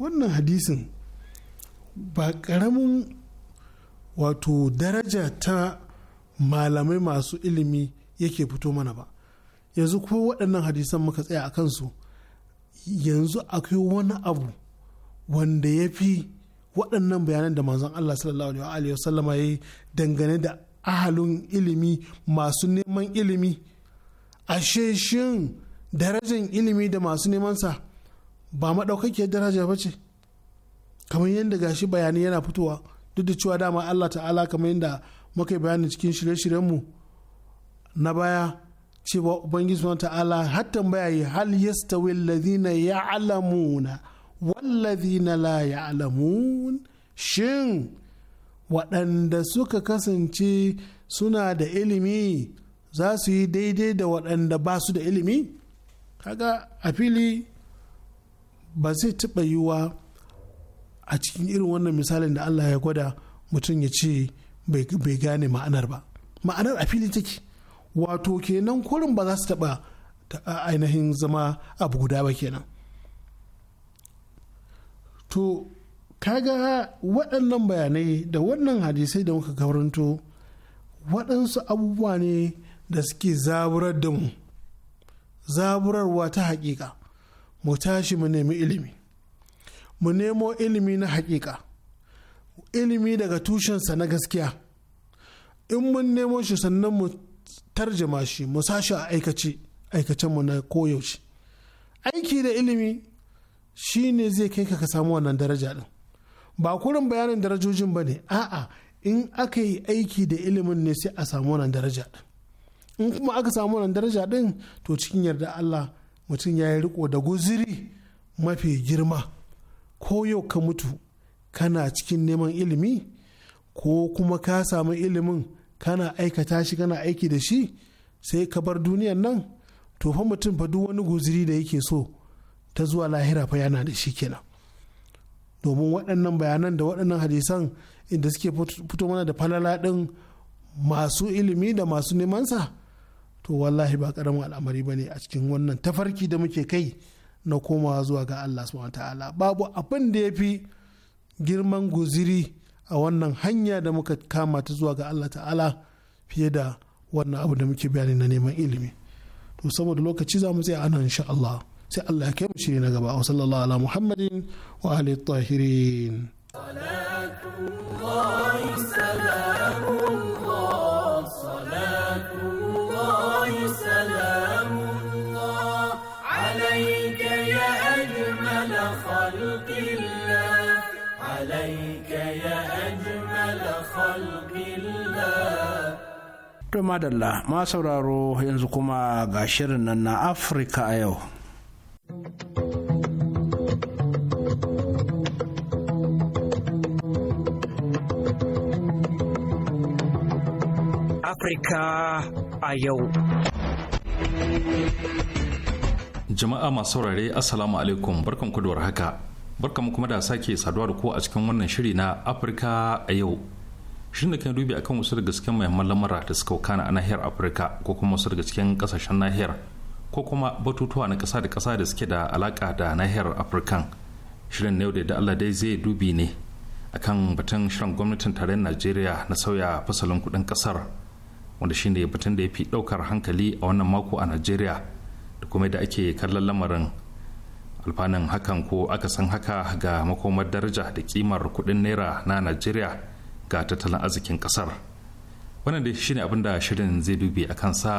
wannan hadisin ba karamin wato daraja ta malamai masu ilimi yake fito mana ba yanzu ko waɗannan hadisan muka tsaya a kansu yanzu akwai wani abu wanda ya fi waɗannan bayanan da manzon Allah sallallahu alaihi wa sallama ya dangane da ahalin ilimi masu neman ilimi ashe shin darajar ilimi da masu nemansa ba maɗaukakiyar daraja ba ce kamar yadda gashi bayani yana fitowa duk da cewa dama Allah ta'ala kamar yadda muka yi bayani cikin shirye shiryen mu na baya cewa ubangiji subhanahu ta'ala har tambaya yi hal yastawi alladhina ya'lamuna walladhina la ya'lamun shin waɗanda suka kasance suna da ilimi za su yi daidai da waɗanda ba su da ilimi kaga a fili ba zai taɓa yiwuwa a cikin irin wannan misalin da Allah ya gwada mutum ya ce bai gane ma'anar ba ma'anar a fili take wato kenan kurin ba za su taɓa ainihin zama abu guda ba kenan to kaga waɗannan bayanai da wannan hadisai da muka karanto waɗansu abubuwa ne da suke zaburar da mu zaburarwa ta haƙiƙa mu tashi mu nemi ilimi mu nemo ilimi na haƙiƙa ilimi daga tushensa na gaskiya in mun nemo shi sannan mu tarjama shi mu sashi a aikace aikacenmu na koyaushe aiki da ilimi shi ne zai kai ka samu wannan daraja din ba kurin bayanin darajojin ba ne a'a in aka yi aiki da ilimin ne sai a samu wannan daraja din in kuma aka samu wannan daraja din to cikin yarda Allah mutum ya yi riko da guziri mafi girma ko yau ka mutu kana cikin neman ilimi ko kuma ka samu ilimin kana aikata shi kana aiki da shi sai ka bar duniyan nan to fa mutum fa duk wani guziri da yake so ta zuwa lahira fa yana da shi kenan domin waɗannan bayanan da waɗannan hadisan inda suke fito mana da falala ɗin masu ilimi da masu nemansa to wallahi ba ƙaramin al'amari ba ne a cikin wannan tafarki da muke kai na komawa zuwa ga Allah subhanahu ta'ala babu abin da ya fi girman guziri a wannan hanya da muka kama ta zuwa ga Allah ta'ala fiye da wannan abu da muke bayani na neman ilimi to saboda lokaci za mu tsaya anan insha Allah sai Allah ya kai mu shiri na gaba wa sallallahu ala muhammadin wa alihi tahirin madalla ma sauraro yanzu kuma ga shirin nan na afirka a yau Afirka a yau. Jama'a masu saurare Assalamu alaikum barkan kudowar haka. Barkan kuma da sake saduwa da ku a cikin wannan shiri na Afirka a yau. shin da kan dubi akan wasu daga cikin muhimman lamura da suka wakana a nahiyar afirka ko kuma wasu daga cikin kasashen nahiyar ko kuma batutuwa na kasa da kasa da suke da alaka da nahiyar afirkan shirin na yau da allah dai zai dubi ne akan batun shirin gwamnatin tarayyar najeriya na sauya fasalin kudin kasar wanda shine batun da ya fi daukar hankali a wannan mako a najeriya da kuma da ake kallon lamarin alfanun hakan ko aka san haka ga makomar daraja da kimar kudin naira na najeriya ga tattalin arzikin kasar wannan dai shine abin da shirin zai dubi a sa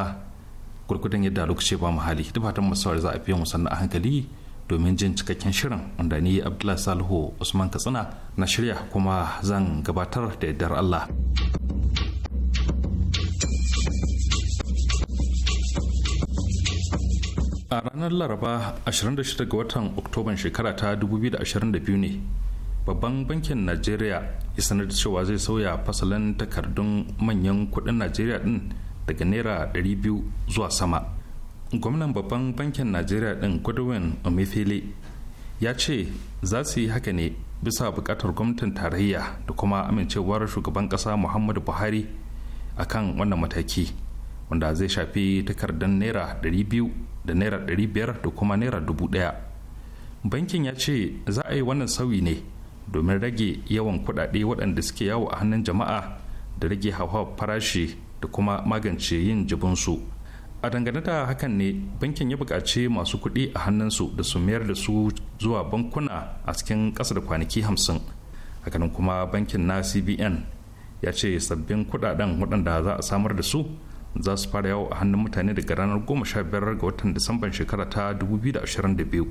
gurgudun yadda lokaci ba hali da fatan musawar za a fiye sannan a hankali domin jin cikakken shirin wanda ni abdullahi salihu usman katsina na shirya kuma zan gabatar da yardar allah a ranar laraba 26 ga watan oktoban shekara ta 2022 ne babban bankin najeriya ya sanar da cewa zai sauya fasalin takardun manyan kudin najeriya din daga naira 200 zuwa sama gwamnan babban bankin najeriya din godwin omefele ya ce za su yi haka ne bisa bukatar gwamnatin tarayya da kuma amincewar shugaban kasa muhammadu buhari a kan wannan mataki wanda zai shafi takardar naira 200 da naira 500 da kuma naira 1000 bankin ya ce za a yi wannan sauyi ne domin rage yawan kudade waɗanda suke yawo a hannun jama'a da rage hauhawar farashi da kuma magance yin jibinsu a dangane da hakan ne bankin ya buƙaci masu kuɗi a hannunsu da su mayar da su zuwa bankuna a cikin ƙasa da kwanaki hamsin hakanan kuma bankin na cbn ya ce sabbin kuɗaɗen waɗanda za a samar da su za su fara yawo a hannun mutane daga ranar 15 ga watan disamban shekara ta 2022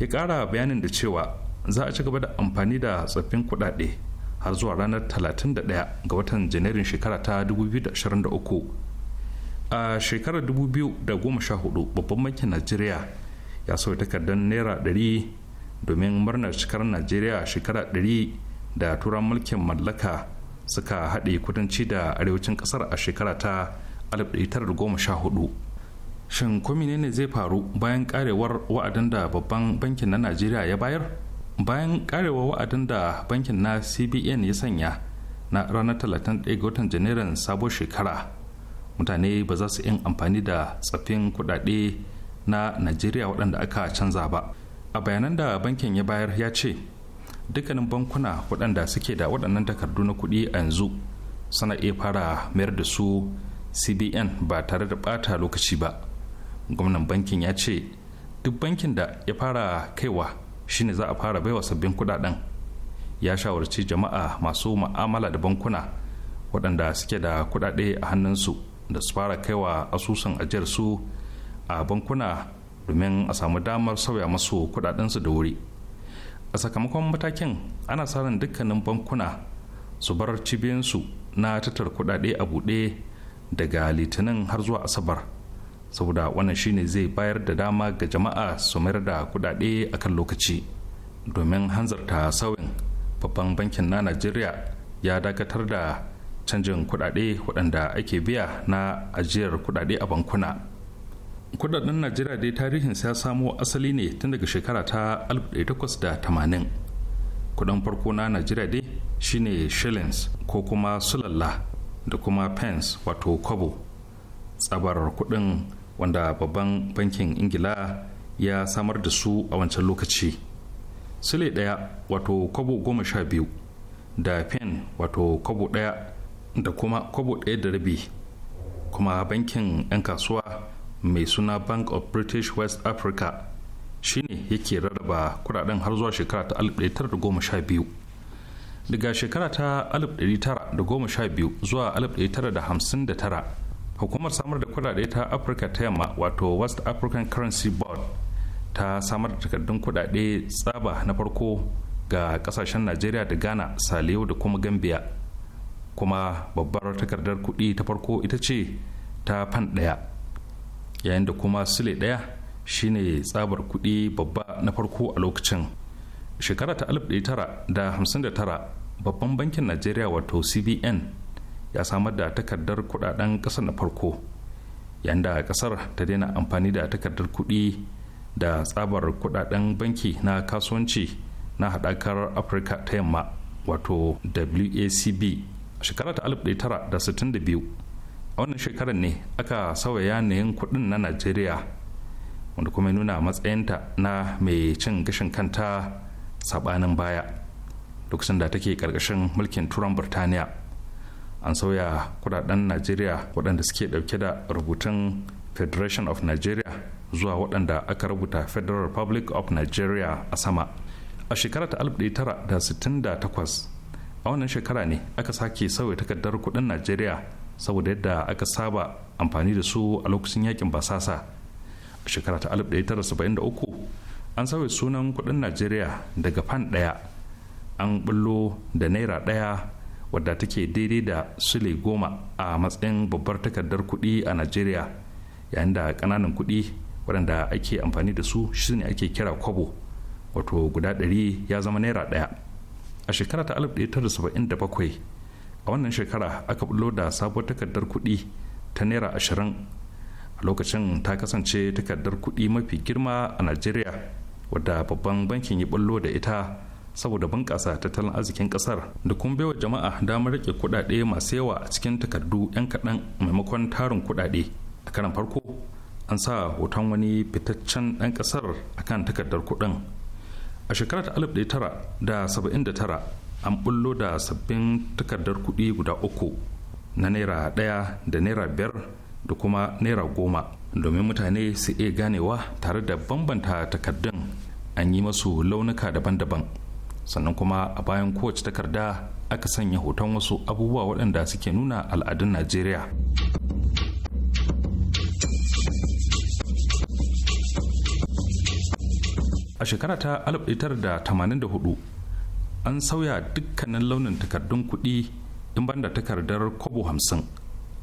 ya ƙara bayanin da cewa za a ci gaba da amfani da tsaffin kudade har zuwa ranar 31 ga watan janairun shekara ta 2023 a shekarar 2014 babban bankin najeriya ya sauya takardar naira 100 domin murnar cikar najeriya shekara 100 da turan mulkin mallaka suka haɗe kudanci da arewacin ƙasar a shekara ta 1914 shin kwamine ne zai faru bayan karewar wa'adin da babban bankin na najeriya ya bayar bayan karewa wa'adin da bankin na cbn ya sanya na ranar 31 ga watan janairun sabon shekara mutane ba za su yin amfani da tsaffin kudade na najeriya waɗanda aka canza ba a bayanan da bankin ya bayar ya ce dukkanin bankuna waɗanda suke da waɗannan takardu na kuɗi a yanzu sana iya fara mayar da su cbn ba tare da ɓata lokaci ba gwamnan bankin ya ce duk bankin da ya fara kaiwa shine za a fara baiwa sabbin kudaden ya shawarci jama'a masu ma'amala da bankuna waɗanda suke da kudade a hannunsu da su fara kaiwa asusun ajiyar su a bankuna domin a samu damar sauya masu kudadensu da wuri a sakamakon matakin ana sa ran dukkanin bankuna su bar cibiyansu na tattara kudade a buɗe daga litinin har zuwa asabar saboda wannan shine zai bayar da dama ga jama'a su mayar da kudade kan lokaci domin hanzarta sauyin babban bankin na najeriya ya dakatar da canjin kudade waɗanda ake biya na ajiyar kudade a bankuna kudaden najeriya dai tarihin ya samo asali ne tun daga shekara ta 1880 kudin farko na najeriya dai shine shillings ko kuma sulalla da kuma pence wato kwabo tsabar kudin wanda babban bankin ingila ya samar da su a wancan lokaci sule ɗaya wato kwabo goma sha biyu da pen wato kwabo ɗaya da kuma kwabo ɗaya da rabi kuma bankin 'yan kasuwa mai suna bank of british west africa shine yake rarraba kudaden har zuwa shekara ta 1912 daga shekara ta 1912 zuwa tara. hukumar samar da kudade ta afirka ta yamma wato west african currency board ta samar da takardun kudade tsaba na farko ga kasashen najeriya da ghana saliyo da kuma gambia kuma babbar takardar kudi ta farko ita ce ta fan daya yayin da kuma sule daya shine tsabar kudi babba na farko a lokacin shekara ta 1959 babban bankin najeriya wato cbn ya samar da takardar kudaden kasar na farko da kasar ta daina amfani da takardar kudi da tsabar kudaden banki na kasuwanci na hadakar afirka ta yamma wato wacb a shekarar ta 1962 a wannan shekarar ne aka sauya yanayin kuɗin na najeriya wanda kuma nuna matsayinta na mai cin gashin kanta sabanin baya lokacin da take karkashin mulkin turan burtaniya an sauya kudaden najeriya waɗanda suke ɗauke da rubutun federation of nigeria zuwa waɗanda aka rubuta federal republic of nigeria a sama a shekara ta 1968 a wannan shekara ne aka sake sauya takardar kudin najeriya saboda yadda aka saba amfani da su a lokacin yakin basasa a shekara ta 1973 an sauya sunan kudin najeriya daga fan ɗaya an bullo da naira ɗaya wadda take daidai da sule goma a matsayin babbar takardar kuɗi a najeriya yayin da ƙananan kuɗi waɗanda ake amfani da su shi ne ake kira kwabo wato guda ɗari ya zama naira ɗaya a shekara ta 1977 a wannan shekara aka bullo da sabuwar takardar kuɗi ta naira ashirin a lokacin ta kasance takardar kuɗi mafi girma a najeriya wadda babban bankin ya bullo da ita saboda bunƙasa tattalin arzikin ƙasar da kuma baiwa jama'a damar rike kuɗaɗe masu yawa a cikin takardu 'yan kaɗan maimakon tarin kuɗaɗe a karan farko an sa hoton wani fitaccen ɗan ƙasar akan takardar kuɗin a shekarar alif tara da da saba'in tara an bullo da sabbin takardar kuɗi guda uku na naira ɗaya da naira biyar da kuma naira goma domin mutane su iya ganewa tare da bambanta takardun an yi masu launuka daban-daban sannan kuma a bayan kowace takarda aka sanya hoton wasu abubuwa waɗanda suke nuna al'adun najeriya a shekara ta 1984 an sauya dukkanin launin takardun kuɗi in banda takardar kobo hamsin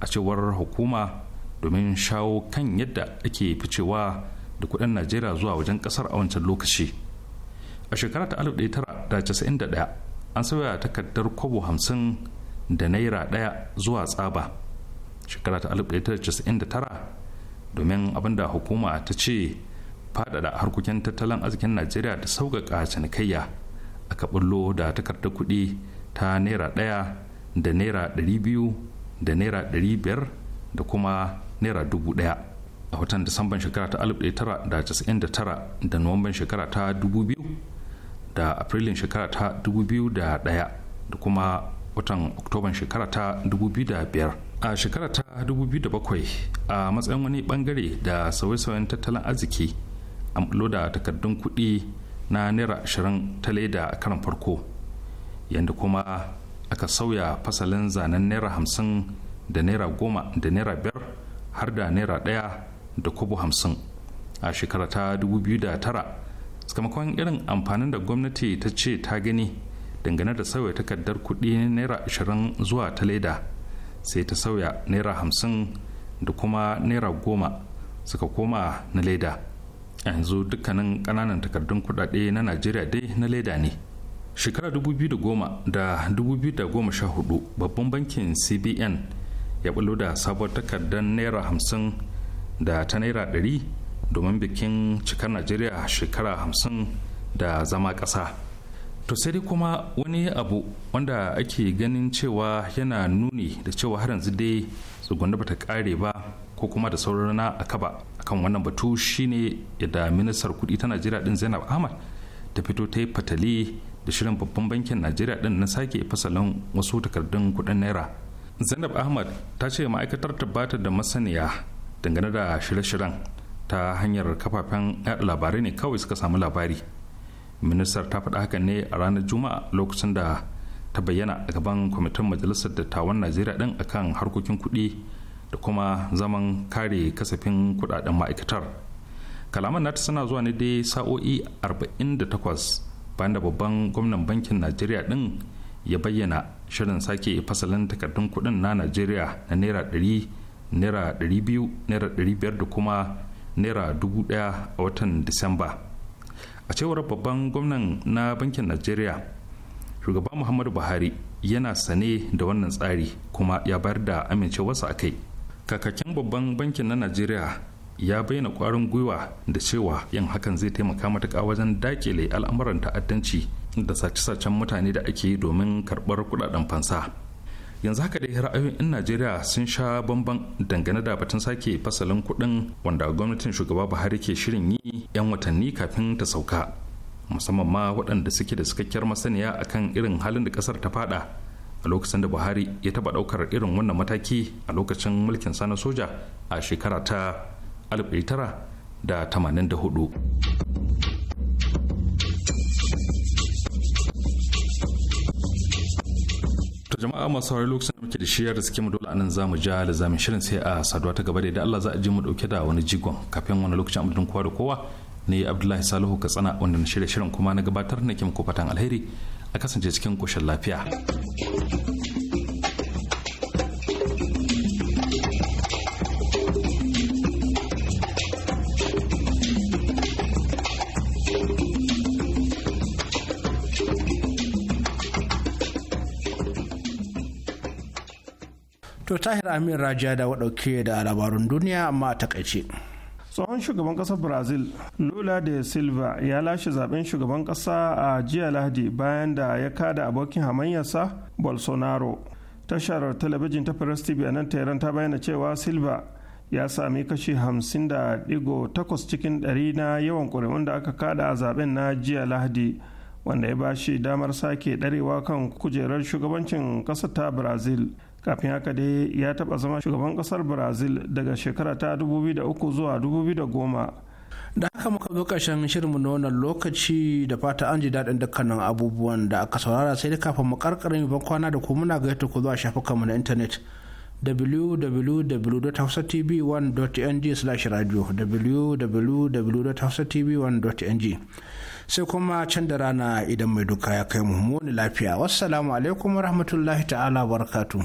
a cewar hukuma domin shawo kan yadda ake ficewa da kuɗin najeriya zuwa wajen ƙasar a wancan lokaci a shekara ta 1991 an sauya takardar kobo hamsin da naira daya zuwa tsaba shekara ta 1999 domin abinda hukuma ta ce faɗaɗa harkokin tattalin arzikin najeriya da sauƙaƙa cinikayya a kaɓullo da takardar kuɗi ta naira daya da naira ɗari biyu da naira ɗari biyar da kuma naira dubu daya a watan disamban shekara ta 1999 da nuwamban shekara ta da afrilun shekara ta 2001 da kuma watan oktoban shekara ta 2005 a shekara ta 2007 a matsayin wani bangare da sauye-sauyen tattalin arziki amlo da takardun kuɗi na naira 20 ta leda a karan farko yadda kuma aka sauya fasalin zanen naira 50 da naira 10 da naira 5 har da naira 1 da kubu 50 a shekara ta 2009 sakamakon irin amfanin da gwamnati ta ce ta gani dangane da sauya takardar kuɗi naira 20 zuwa ta leda sai ta sauya naira 50 da kuma naira 10 suka koma na leda yanzu dukkanin ƙananan takardun kuɗaɗe na najeriya dai na leda ne shekara 2010 da 2014 babban bankin cbn ya bulo da sabuwar takardar naira 50 da ta naira domin bikin cikar najeriya shekara hamsin da zama ƙasa to sai dai kuma wani abu wanda ake ganin cewa yana nuni da cewa har yanzu dai tsugunni bata kare ba ko kuma da sauran na a kaba akan wannan batu shine yadda ministar kudi ta najeriya din zainab ahmad ta fito ta yi fatali da shirin babban bankin najeriya din na sake fasalin wasu takardun kudin naira zainab ahmad ta ce ma'aikatar ta bata da masaniya dangane da shirye-shiryen ta hanyar kafafen labarai ne kawai suka samu labari ministar ta faɗa haka ne a ranar juma'a lokacin da ta bayyana a gaban kwamitin majalisar dattawan najeriya ɗin akan harkokin kuɗi da kuma zaman kare kasafin kuɗaɗen ma'aikatar kalaman nata suna zuwa ne dai sa'o'i 48 bayan da babban gwamnan bankin najeriya ɗin ya bayyana shirin sake fasalin takardun kuɗin na najeriya na naira 100 naira 200 naira 500 da kuma naira dubu daya a watan disamba a cewar babban gwamnan na bankin najeriya shugaba muhammadu buhari yana sane da wannan tsari kuma ya bayar da amincewarsa a kai kakakin babban bankin na najeriya ya bayyana kwarin gwiwa da cewa yin hakan zai taimaka matuƙa wajen dakile al'amuran ta'addanci da sace-sacen mutane da ake yi domin karɓar kudaden fansa yanzu haka dai ra'ayoyin 'yan najeriya sun sha bamban dangane da batun sake fasalin kuɗin wanda gwamnatin shugaba buhari ke shirin yi 'yan watanni kafin ta sauka musamman ma waɗanda suke da cikakkiyar masaniya akan irin halin da ƙasar ta fada a lokacin da buhari ya taba ɗaukar irin wannan mataki a lokacin mulkin sa na soja a shekara ta 1984 jama'a masu saurari lokacin da muke da shiyar da suke mu dole anan zamu ja da zamin shirin sai a saduwa ta gaba da idan Allah za a ji mu dauke da wani jigon kafin wani lokacin amudin kowa da kowa ne Abdullahi Salihu Katsina wanda na shirya shirin kuma na gabatar nake muku fatan alheri a kasance cikin koshin lafiya. To Tahir Amin Raja da waɗauke da labarun duniya amma a takaice. tsohon shugaban kasar brazil lula da silva ya lashe zaben shugaban kasa a jiya lahadi bayan da ya kada abokin hamayyarsa bolsonaro tashar talabijin ta press tv a nan tehran ta bayyana cewa silva ya sami kashi hamsin da digo takwas cikin ɗari na yawan ƙuri'un da aka kada a zaben na jiya lahadi wanda ya bashi damar sake ɗarewa kan kujerar shugabancin ƙasar ta brazil kafin haka dai ya taba zama shugaban ƙasar brazil daga shekara ta 2003 zuwa 2010 da haka muka zo ƙarshen shirinmu na wannan lokaci da fata an ji daɗin dukkanin abubuwan da aka saurara sai da kafin mu karkarin ban kwana da kuma muna gaita ku zuwa shafukanmu na intanet www.hausatv1.ng/radio www.hausatv1.ng sai kuma can da rana idan mai duka ya kai mu muni lafiya wassalamu alaikum rahmatullahi ta'ala barakatu.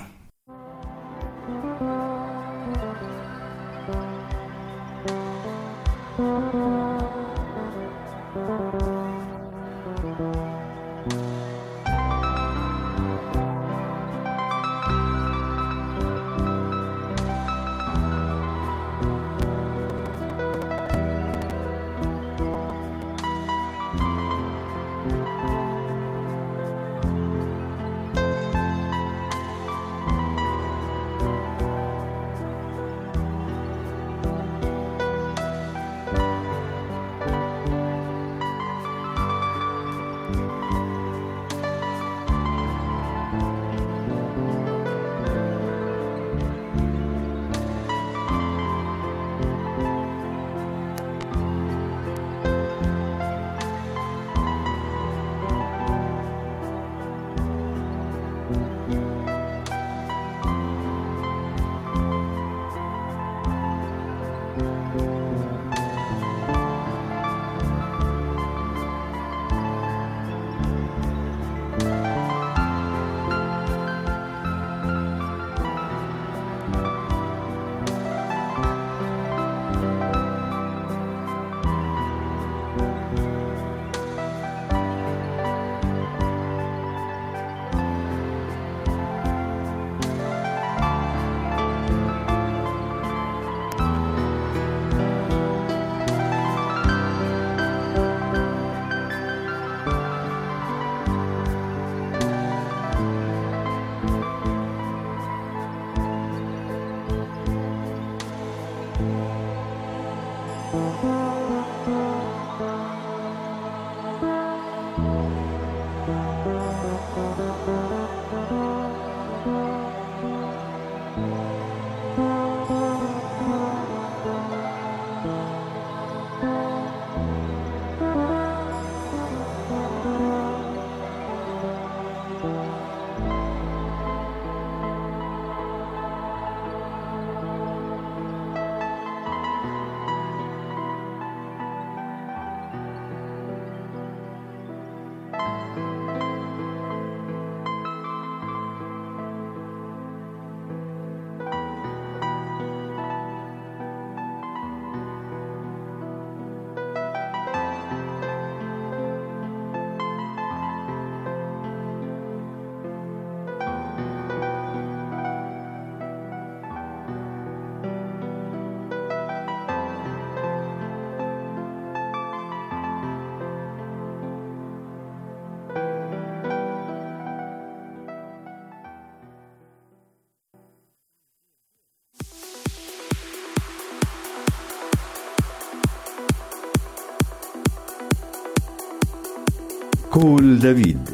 كول دافيد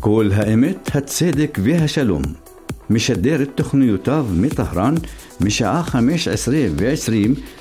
كول هائمت هتسيدك فيها شلوم مش الدير التخنيوتاف مطهران مش آخر مش عسري في عسريم